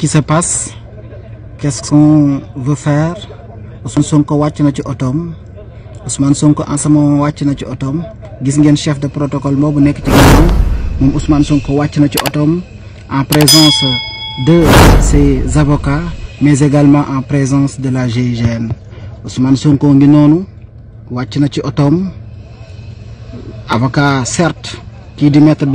qui se passe qu'est-ce qu'on veut faire Ousmane Sonko watch na ci otoom Ousmane Sonko en ce moment watch na ci otoom gis ngeen chef de protocole boobu nek ci ginnaaw Mom Ousmane Sonko watch na ci otoom en présence de ses avocats mais également en présence de la GIGN Ousmane Sonko ngi noonu watch na ci otoom avocat certes qui di mettre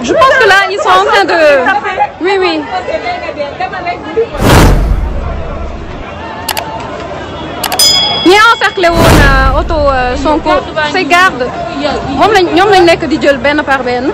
Je pense que là, ils sont en train de... Oui, oui. ñi encerclé woon Oto euh, euh, Sonko say garde moom lañ ñom lañ nek di jël ben par ben